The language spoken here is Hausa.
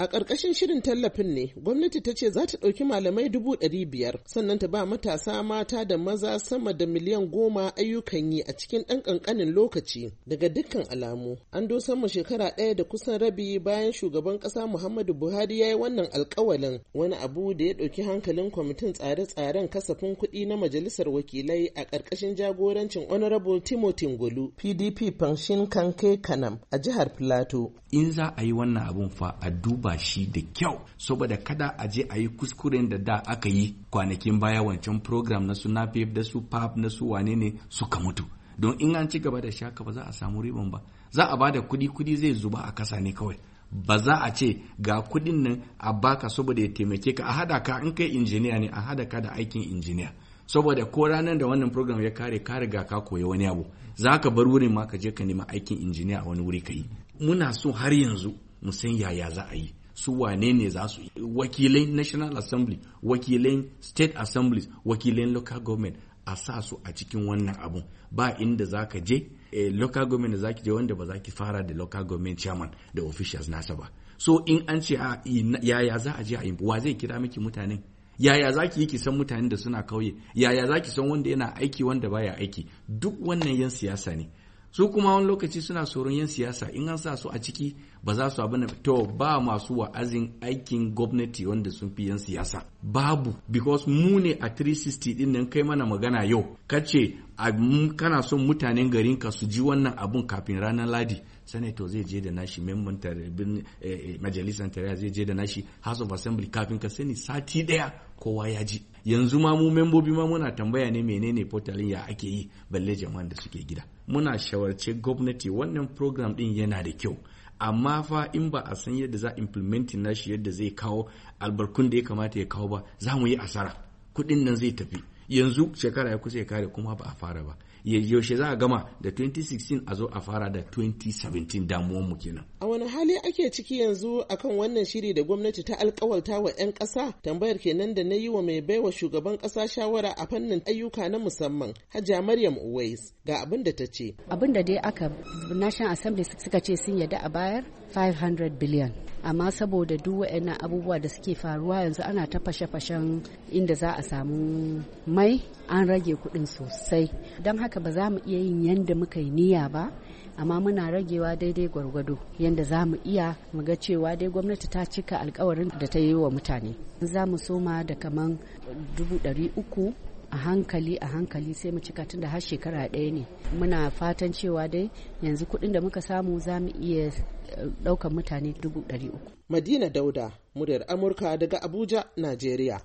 A ƙarƙashin shirin tallafin ne, gwamnati ta ce za ta ɗauki malamai dubu ɗari biyar, sannan ta ba matasa mata da maza sama da miliyan goma ayyukan yi a cikin ɗan ƙanƙanin lokaci. Daga dukkan alamu, an dosan mu shekara ɗaya da kusan rabi bayan shugaban ƙasa Muhammadu Buhari ya yi wannan alƙawalin wani abu da ya ɗauki hankalin kwamitin tsare-tsaren kasafin kuɗi na majalisar wakilai a ƙarƙashin jagorancin Honorable Timothy Ngolu, PDP Fanshin Kanke Kanam a jihar Plateau. In za a yi wannan abun fa a duba duba shi da kyau saboda kada a je a yi kuskuren da da aka yi kwanakin baya wancan program na su napep e da su pap na su wane ne suka mutu don in an ci gaba da shaka ba za a samu riban ba za a bada kudi kudi zai zuba a kasa ne kawai ba za a ce ga kudin nan a baka saboda ya taimake ka a hada ka in kai injiniya ne a hada ka da aikin injiniya saboda ko ranar da wannan program ya kare ka riga ka koya wani abu za ka bar wurin ma ka je ka nema aikin injiniya a wani wuri ka yi muna so har yanzu mu san yaya za a yi su wane ne za su yi wakilai national assembly wakilai state assemblies wakilai local government a sa su a cikin wannan abun ba inda za ka je e local government da za ki je wanda ba za ki fara da local government chairman da officials nasa ba so in an ce ah, yaya za a je a yi wa zai kira miki mutanen yaya za ki yi ki san mutanen da suna kauye yaya za ki san wanda yana aiki wanda baya aiki duk wannan yan siyasa ne su kuma wani lokaci suna tsoron yan siyasa in an sa su a ciki ba za su abin to ba masu wa'azin aikin gwamnati wanda sun fi yan siyasa babu because mu ne a 360 din nan kai mana magana yau kace kana son mutanen garin ka su ji wannan abun kafin ranar ladi senator zai je da nashi memban eh, eh, majalisar tare zai je da nashi house of assembly kafin ka sani sati daya kowa ya ji yanzu ma mu membobi ma muna tambaya ne menene portalin ya ake yi balle jama'an da suke gida muna shawarce gwamnati wannan program din yana da kyau amma fa in ba a san yadda za implementing nashi yadda zai kawo albarkun da ya kamata ya kawo ba za mu yi asara kuɗin nan zai tafi yanzu shekara ya kusa ya kare kuma ba a fara ba yaushe za a gama da 2016 a zo a fara da 2017 damuwanmu kenan. A wani hali ake ciki yanzu akan wannan shiri da gwamnati ta alkawalta wa 'yan ƙasa tambayar kenan da na yi wa mai baiwa shugaban ƙasa shawara a fannin ayyuka na musamman hajja Maryam Uwais ga abin da ta ce. Abin da dai aka National Assembly suka ce sun yadda a bayar 500 billion amma saboda duk abubuwa da suke faruwa yanzu ana ta fashe-fashen inda za a samu mai an rage kuɗin sosai don haka ba za mu iya yin yadda muka yi niyya ba amma muna ragewa daidai gwargwado yadda za mu iya mu ga cewa dai gwamnati ta cika alkawarin da ta yi wa mutane za mu soma da kaman dubu uku a hankali a hankali sai mu cika tun da har shekara ɗaya ne muna fatan cewa dai yanzu kuɗin da muka samu za mu iya eh, ɗaukar mutane dubu uku madina dauda muryar amurka daga abuja najeriya